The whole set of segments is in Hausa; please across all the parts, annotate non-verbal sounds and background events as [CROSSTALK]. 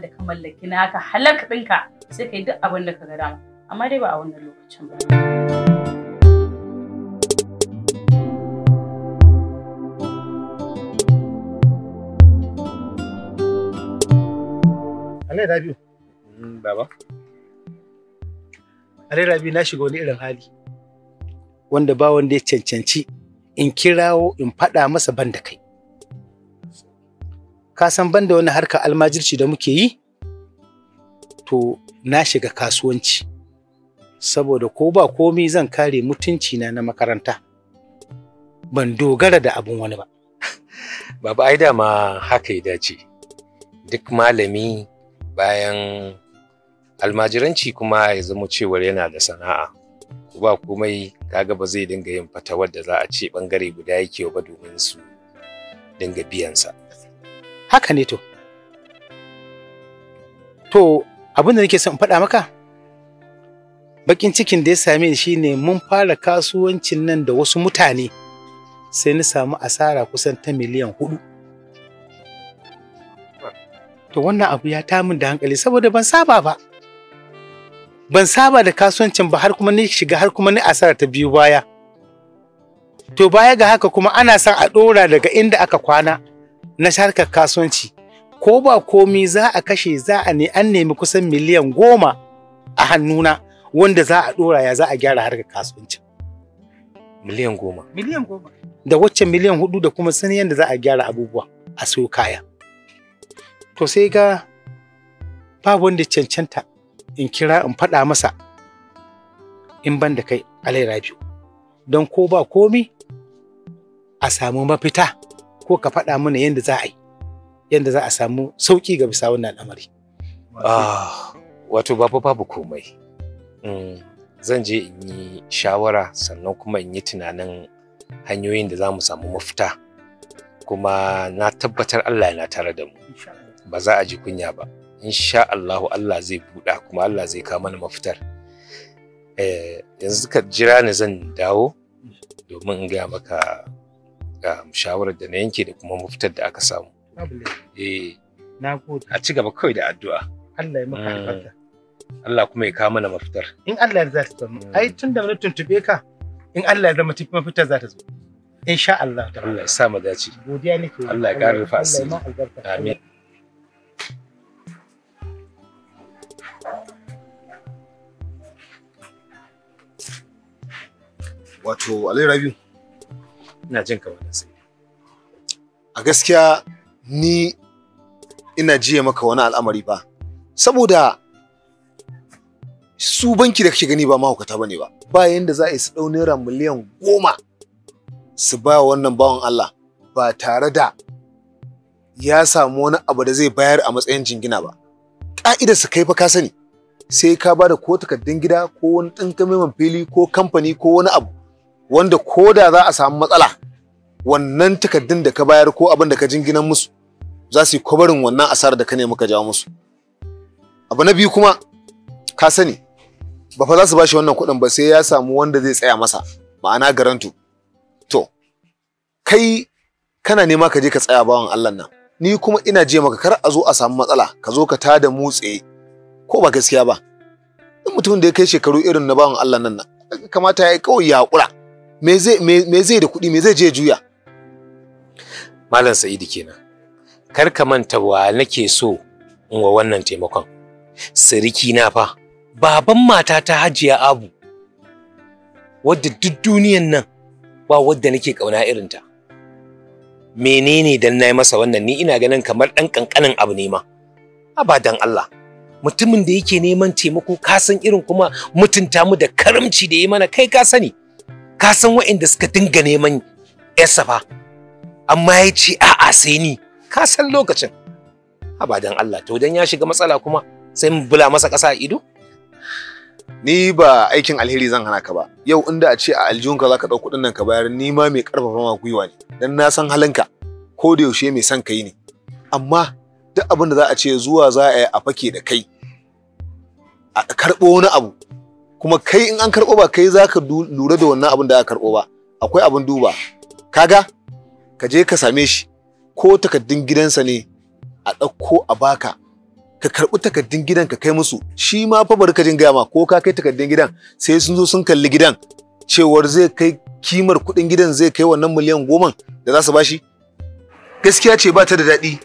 da ka mallaki naka halaka ɗinka sai ka yi duk abin da ka ga dama amma dai ba a wannan lokacin ba. Alai mm, Baba. Alai Rabi na shiga wani irin hali wanda ba wanda ya cancanci in kirawo in faɗa masa ban da kai. ka san banda wani harka almajirci da muke yi to na shiga kasuwanci saboda ko ba komi zan kare mutunci na na makaranta ban dogara da abun wani ba [LAUGHS] baba ai ma haka ya dace duk malami bayan almajiranci kuma ya zama cewar yana da sana'a ba komai kaga ba zai dinga yin fatawar da za a ce bangare guda yake ba domin su dinga biyansa. sa haka ne to to abin da nake son in faɗa maka bakin cikin da ya same ni shine mun fara kasuwancin nan da wasu mutane sai na samu asara kusan ta miliyan hudu to wannan abu ya tamin da hankali saboda ban saba ba ban saba da kasuwancin ba har kuma ni shiga har kuma ni asara ta biyu baya to baya ga haka kuma ana son a ɗora daga inda aka kwana na sharkar kasuwanci ko ba komi za a kashe za a ne an nemi kusan miliyan goma a hannuna wanda za a dora ya za a gyara harkar kasuwanci. Miliyan goma. Miliyan goma. Da wacce miliyan hudu da kuma sani yadda za a gyara abubuwa a siyo kaya. To sai ga ba wanda cancanta in kira in faɗa masa in ban da kai alaira biyu. Don ko ba komi a samu mafita ko ka faɗa mana yadda za a yi yadda za a samu sauƙi ga bisa wannan al'amari ah, wato babu babu komai mm, zan je in yi shawara sannan kuma in yi tunanin hanyoyin da za mu samu mafita kuma na tabbatar Allah yana tare da mu ba za a ji kunya ba insha Allah Allah zai buɗa kuma Allah zai kawo mana mafitar eh, yanzu ka jira ni zan dawo domin in gaya maka ga shawarar da na yanke da kuma mafitar da aka samu. Eh. Na gode. A ci gaba kawai da addu'a. Allah ya maka albarka. Ah. Allah kuma ya kawo mana mafitar. In Allah ya zata ta zama. Ah. Ai tun da na tuntube ka in Allah ya zama tafi mafitar zata ta zo. Insha Allah. Allah ya sa mu dace. Godiya nake. Allah ya ƙara rufa asiri. Amin. Wato Alayi Rabiu. ina jin kamar sai a gaskiya ni ina jiya maka wani al'amari ba saboda su banki da kake gani ba mahaukata ba ne ba ba yanda za a yi su ɗau naira miliyan goma su ba wannan bawan Allah ba tare da ya samu wani abu da zai bayar a matsayin jingina ba Ka'idar su kai fa ka sani sai ka ba da ko takardun gida ko wani ɗan fili ko kamfani ko wani abu wanda ko da za a samu matsala wannan takardun da ka bayar ko abin da ka jinginan musu za su yi kwabarin wannan asarar da ka nemi ka jawo musu abu na biyu kuma ka sani ba fa za su bashi wannan kuɗin ba sai ya samu wanda zai tsaya masa ma'ana garantu to kai kana nema ka je ka tsaya bawan Allah nan ni kuma ina je maka kar a zo a samu matsala ka zo ka tada mutse ko ba gaskiya ba in mutumin da ya kai shekaru irin na bawan Allah nan nan kamata ya kawai ya hakura me zai me zai da kuɗi me zai je juya Malam Sa'idu kenan. Kar ka manta wa nake so in wa wannan taimakon. Siriki na fa, baban mata ta hajiya abu, wadda duk duniyan nan ba wadda nake ƙauna irinta. Menene dan na masa wannan ni ina ganin kamar ɗan ƙanƙanin abu ne ma. Abadan Allah, mutumin da yake neman taimako ka san irin kuma mutunta mu da karamci da ya mana kai ka sani. Ka san waɗanda suka dinga neman 'yarsa fa. amma ya ce a'a sai ni ka san lokacin dan Allah to dan ya shiga matsala kuma sai mu bula masa ƙasa ido ni ba aikin alheri zan hana ka ba yau inda a ce a aljihunka zaka ɗau kuɗin nan ka bayar ni ma mai karfafa ma gwiwa ne dan na san halinka ko da yaushe mai son kai ne amma duk abin da za a ce zuwa za a yi a fake da kai a karɓo wani abu kuma kai in an karɓo ba kai zaka lura da wannan abin da aka karɓo ba akwai abin duba kaga ka je ka same shi ko takardun gidansa ne a ɗauko a baka ka karɓi takardun gidan ka kai musu shi ma fa bari ka jin gaya ko ka kai takardun gidan sai sun zo sun kalli gidan cewar zai kai kimar kuɗin gidan zai kai wannan miliyan goma da za su shi gaskiya ce ba ta da daɗi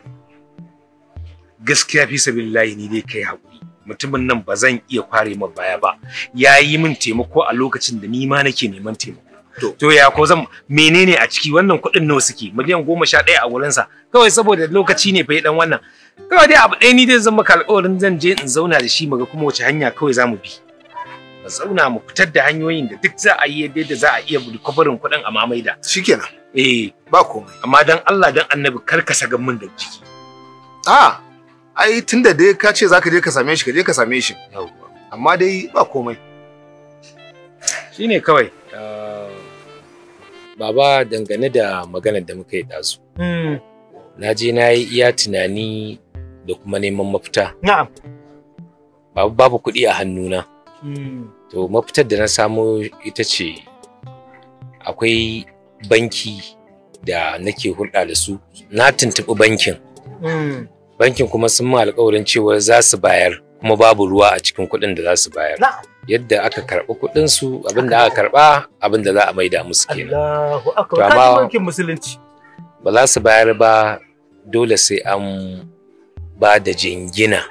gaskiya fi layi ne dai kai haƙuri mutumin nan ba zan iya kware ma baya ba ya yi min taimako a lokacin da ni ma nake neman taimako to ya ko zan menene a ciki wannan kuɗin nawa suke miliyan goma sha ɗaya a wurinsa kawai saboda lokaci ne fa dan wannan kawai dai abu ɗaya ni dai zan maka alƙawarin zan je in zauna da shi muga kuma wace hanya kawai za mu bi mu zauna mu fitar da hanyoyin da duk za a yi yadda da za a iya kwabarin kuɗin a mamaida shikenan eh ba komai amma dan Allah dan annabi kar ka sagan min da ciki a ai tunda dai ka ce zaka je ka same shi ka je ka same shi amma dai ba komai shine kawai Baba dangane da maganar da muka yi ɗazu. Hmm. Na je na yi iya tunani da kuma neman mafita. Na'am. Babu babu kuɗi a hannuna. Hmm. To mafitar da na samo ita ce akwai banki da nake hulɗa da su. Na tuntuɓi bankin. Hmm. Bankin kuma sun ma alƙawarin cewa za su bayar kuma babu ruwa a cikin kuɗin da za su bayar. Na'am. yadda aka karɓi kuɗin su abin da aka karɓa abin da za a maida musu kenan To amma musulunci ba za su bayar ba dole sai an ba da jingina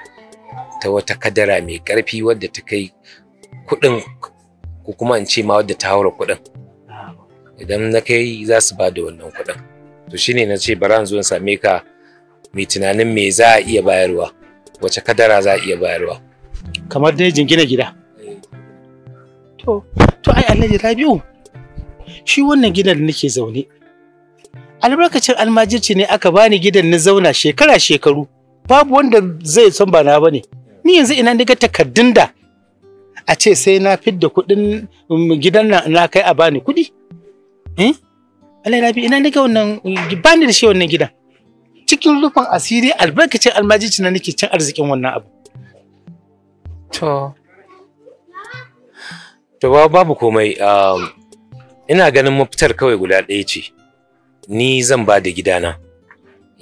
ta wata kadara mai ƙarfi wadda ta kai kuɗin ko kuma in ce ma wadda ta haura kuɗin idan na kai za su ba da wannan kuɗin to shine na ce bara zo in same ka mai tunanin me za a iya bayarwa wace kadara za a iya bayarwa kamar dai jingina gida To, to ai Alhaji Rabi'u shi wannan gidan da nake zaune. Albarkacin almajirci ne aka bani gidan na zauna shekara shekaru. Babu wanda zai san ba na bane. Ni yanzu ina daga takardun da a ce sai na fidda kuɗin mm, gidan na kai a bani kuɗi. Eh? Allah Rabi'u ina daga wannan bani da shi wannan gidan. Cikin rufin asiri albarkacin almajirci na nake cin arzikin wannan abu. To, To babu komai um, ina ganin mafitar kawai guda ɗaya ce. Ni zan ba da gidana.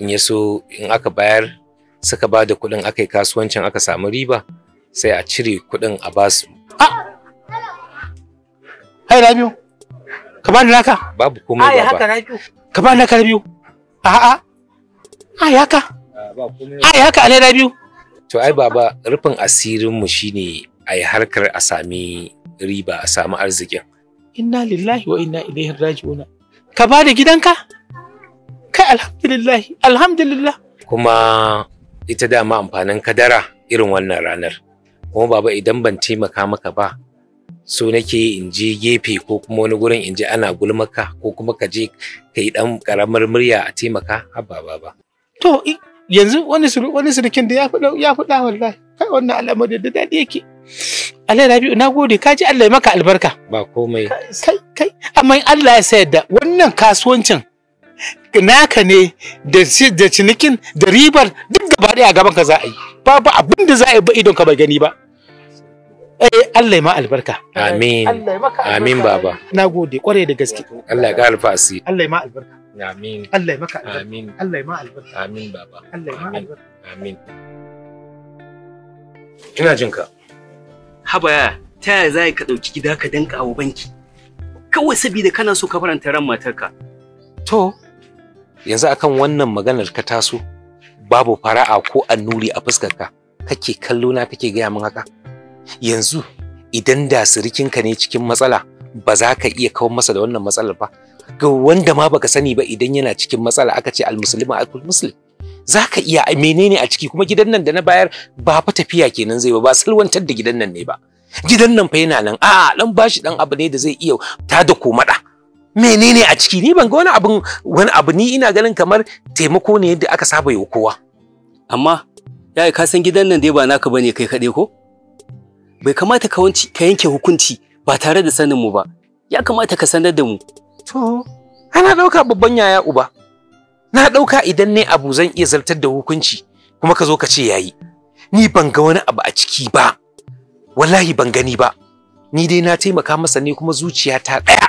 In ya so in aka bayar suka ba da kuɗin aka yi kasuwancin aka samu riba sai a cire kuɗin a ba su. Ah! Hai Rabiu, ka ba ni naka? Babu komai ba. Ai haka Rabiu. Ka ba ni naka Rabiu. A'a. Ai haka. Ai haka ne Rabiu. To ai baba rufin asirin mu shine ai harkar a sami riba a samu arzikin inna lillahi wa inna ilaihi raji'una ka ba da gidanka kai alhamdulillah alhamdulillah kuma ita dama amfanin kadara irin wannan ranar kuma baba idan ban taimaka maka ba so nake in je gefe ko kuma wani gurin in je ana gulmaka ko kuma ka je ka yi dan karamar murya a taimaka haba baba to yanzu wani surukin da ya fi ɗawar fi kai wannan al'amari da daɗi yake Allah Rabi'u na gode ka ji Allah ya maka albarka. Ba komai. Kai kai amma in Allah ya sayar da wannan kasuwancin naka ne da da cinikin da ribar duk gaba daya gaban ka za a yi. ba abin da za a yi ba idon ka bai gani ba. Eh Allah ya ma albarka. Amin. Amin baba. Na gode kwarai da gaske. Allah ya ga alfasi. Allah ya ma albarka. Amin. Allah ya maka albarka. Amin. Allah ya ma albarka. Amin baba. Allah ya ma albarka. Amin. Ina jinka. haba ta yaya za ka ɗauki gida ka danka wa banki kawai saboda kana so ka faranta ran matarka to yanzu akan wannan maganar ka taso babu fara'a ko annuri a fuskar ka kake kallo na kake gaya min haka yanzu idan da sirikinka ne cikin matsala ba za ka iya kawo masa da wannan matsalar ba ga wanda ma baka sani ba idan yana cikin matsala aka ce al almuslim za ka iya menene a ciki kuma gidan nan da na bayar ba fa tafiya kenan zai ba ba salwantar da gidan nan ne ba gidan nan fa yana nan a dan bashi dan abu ne da zai iya ta da komada menene a ciki ni ban ga wani abun wani abu ni ina ganin kamar taimako ne yadda aka saba yi kowa amma yaya ka san gidan nan dai ba naka bane kai kaɗai ko bai kamata ka yanke hukunci ba tare da sanin mu ba ya kamata ka sanar da mu to ana ɗauka babban yaya uba na ɗauka idan ne abu zan iya zartar da hukunci kuma ka zo ka ce yayi ni ban ga wani abu a ciki ba wallahi ban gani ba ni dai na taimaka masa ne kuma zuciya ta ɗaya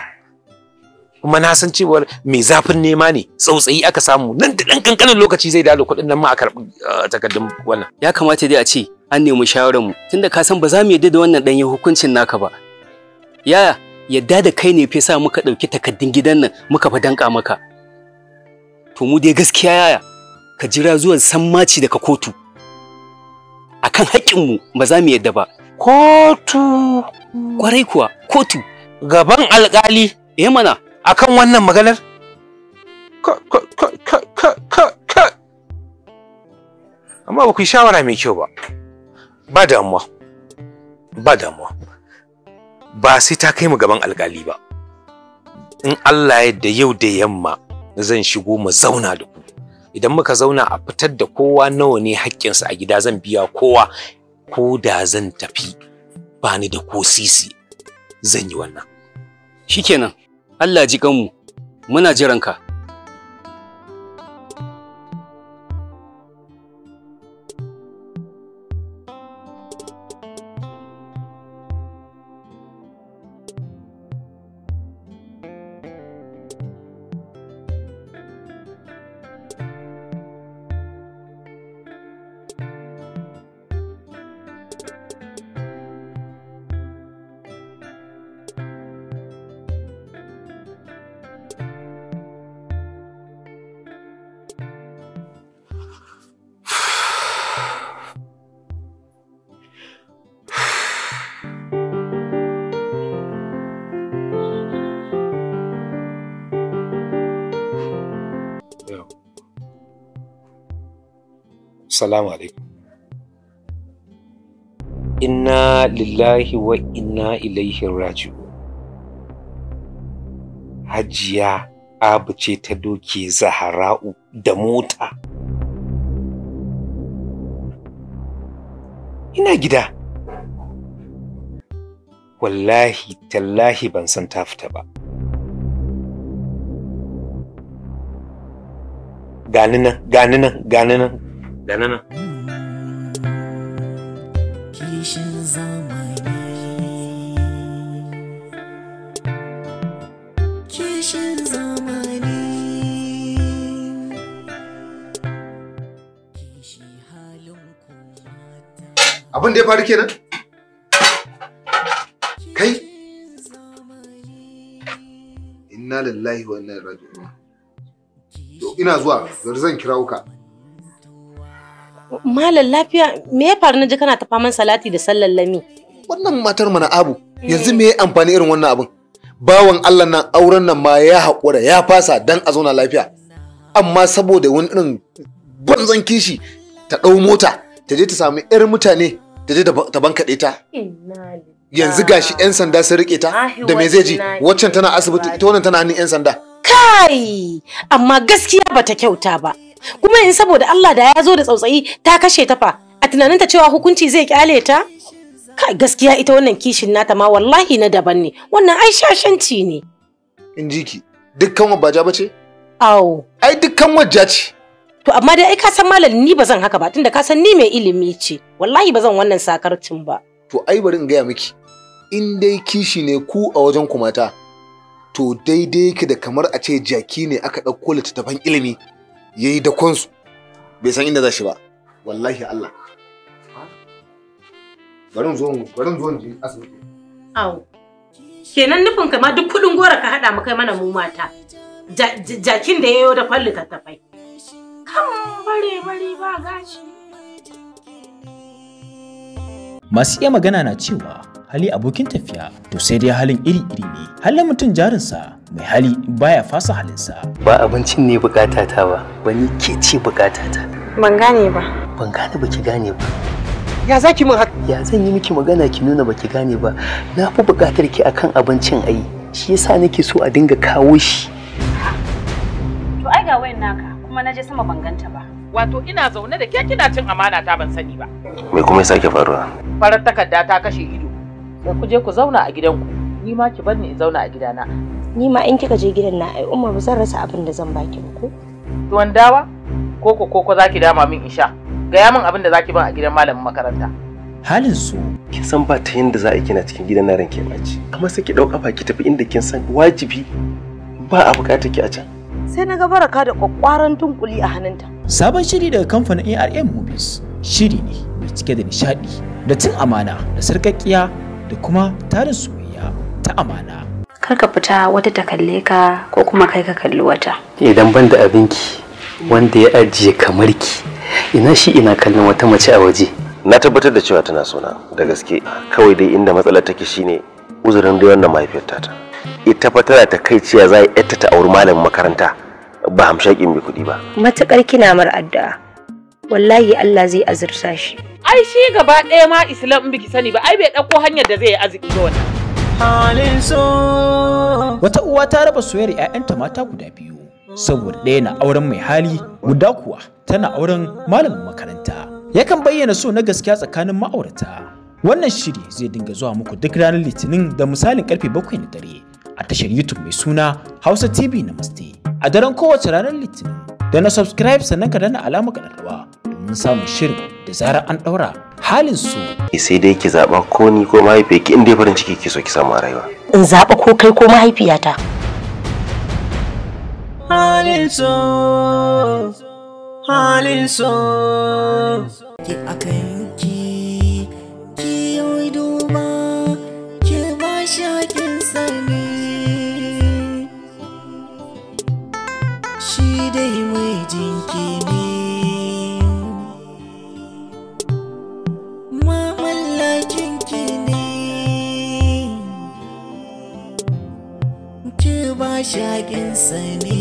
kuma na san cewa mai zafin nema ne tsautsayi aka samu nan da ɗan ƙanƙanin lokaci zai dalo kuɗin nan ma a karɓi takardun wannan ya kamata dai a ce an nemi shawarar mu tunda ka san ba za mu yadda da wannan ɗanyen hukuncin naka ba yaya yadda da kai ne fi sa muka ɗauki takardun gidan nan muka fa danka maka to mu dai gaskiya yaya ka jira zuwan sammaci daga kotu akan haƙƙinmu ba za mu yadda ba kotu kwarai kuwa kotu gaban alƙali eh mana akan wannan maganar amma ba ku yi shawara mai kyau ba ba damuwa ba damuwa ba sai ta kai mu gaban alƙali ba in Allah ya yarda yau da yamma zan shigo mu zauna da ku idan muka zauna a fitar da kowa nawa ne sa a gida zan biya kowa ko da zan tafi ba ni da ko sisi zan yi wannan shikenan Allah ji kanmu muna jiranka Salamu alaikum. Inna lillahi wa inna ilaihi raji'u. Hajiya abu ce ta doke zahara'u da mota. Ina gida. Wallahi tallahi ban san ta fita ba. Ganinan, nan, ganinan, da nana abin da ya faru kenan kai inna lillahi wa inna ilaihi raji'un to ina zuwa zan kirawo ka Malam lafiya me ya faru na ji kana ta faman salati da sallar lami? Wannan matar mana abu yanzu me ya amfani irin wannan abin? Bawan Allah nan auren nan ma ya haƙura ya fasa dan a zauna lafiya. Amma saboda wani irin banzan kishi ta ɗau mota ta je ta samu 'yar mutane ta je ta bankaɗe ta. Yanzu gashi 'yan sanda sun riƙe ta da me zai ji waccan tana asibiti ita wannan tana hannun 'yan sanda. Kai! Amma gaskiya bata kyauta ba. kuma in saboda Allah da ya zo da tsautsayi ta kashe ta fa a tunaninta cewa hukunci zai kyale ta kai gaskiya ita wannan kishin nata ma wallahi na daban ne wannan ai shashanci ne in ji ki dukkan wabbaja bace awo ai dukkan wajja ce to amma dai ai ka san malam ni ba zan haka ba tunda ka san ni mai ilimi ce wallahi ba zan wannan sakarcin ba to ai bari in gaya miki in dai kishi ne ku a wajen kumata to daidai ki da kamar a ce jaki ne aka ɗauko littattafan ilimi ya yi dakonsu bai san inda za shi ba wallahi Allah bari zo bari zo ji asibiti awo kenan nufin ka ma duk kudin gora ka hada mu kai mana mu mata jakin da yayo da falli tattafai kan bare bare ba gashi masu iya magana na cewa hali abokin tafiya to sai dai halin iri-iri ne halin mutum jarinsa mai hali baya fasa halinsa ba abincin ne bukata ta ba wani ke ce bukata ta ban gane ba ban gane ba ki gane ba ya za ki min haka ya zan yi miki magana ki nuna ba ki gane ba na fi bukatar ki akan abincin ai shi yasa nake so a dinga kawo shi to ai ga wayan naka kuma na je sama ban ganta ba wato ina zaune da ke kina cin amana ta ban sani ba. Me kuma ya sake faruwa? Farar takarda ta kashe ido. Sai ku je ku zauna a gidanku. Ni ma ki bar ni in zauna a gidana. ni ma in kika je gidan na ai umar zan rasa abin da zan baki ko tuwon dawa koko koko zaki dama min isha gaya min abin da zaki ban a gidan malamin makaranta halin su kin san ba ta yanda za a kina cikin gidan na ranke baci kuma sai ki dauka ba ki tafi inda kin san wajibi ba a bukatar ki a can sai na ga baraka da kwakwaran tunkuli a hannunta sabon shiri daga kamfanin ARM Movies shiri ne mai cike da nishadi da cin amana da sarkakkiya da kuma tarin soyayya ta amana kar ka fita wata ta kalle ka ko kuma kai ka kalli wata idan ban da abinki wanda ya ajiye kamar ki ina shi ina kallon wata mace a waje na tabbatar da cewa tana sona da gaske kawai dai inda matsalar take shine uzurin da wannan mahaifiyar ta ita fa tana takaiciya za a ta auri malamin makaranta ba hamshakin mai kuɗi ba matukar kina mar addu'a wallahi Allah zai azurta shi ai shi gaba ɗaya ma islam biki sani ba ai bai ɗauko hanyar da zai yi arziki ga wannan halinsu. wata uwa ta raba soyayyar 'ya'yanta mata guda biyu saboda ɗaya na auren mai hali guda kuwa tana auren malamin makaranta yakan bayyana so na gaskiya tsakanin ma'aurata wannan shiri zai dinga zuwa muku duk ranar litinin da misalin karfe bakwai na dare a tashar youtube mai suna hausa tv namaste a daren kowace ranar litinin da na subscribe sannan ka dana alamar kararrawa domin samun shirin da zarar an ɗaura halin su. Eh, sai dai ki zaɓa ko ni ko mahaifiyarki in farin ciki ki so ki samu a rayuwa. In zaɓa ko kai ko mahaifiyata. Halin so, halin so. shaƙin sani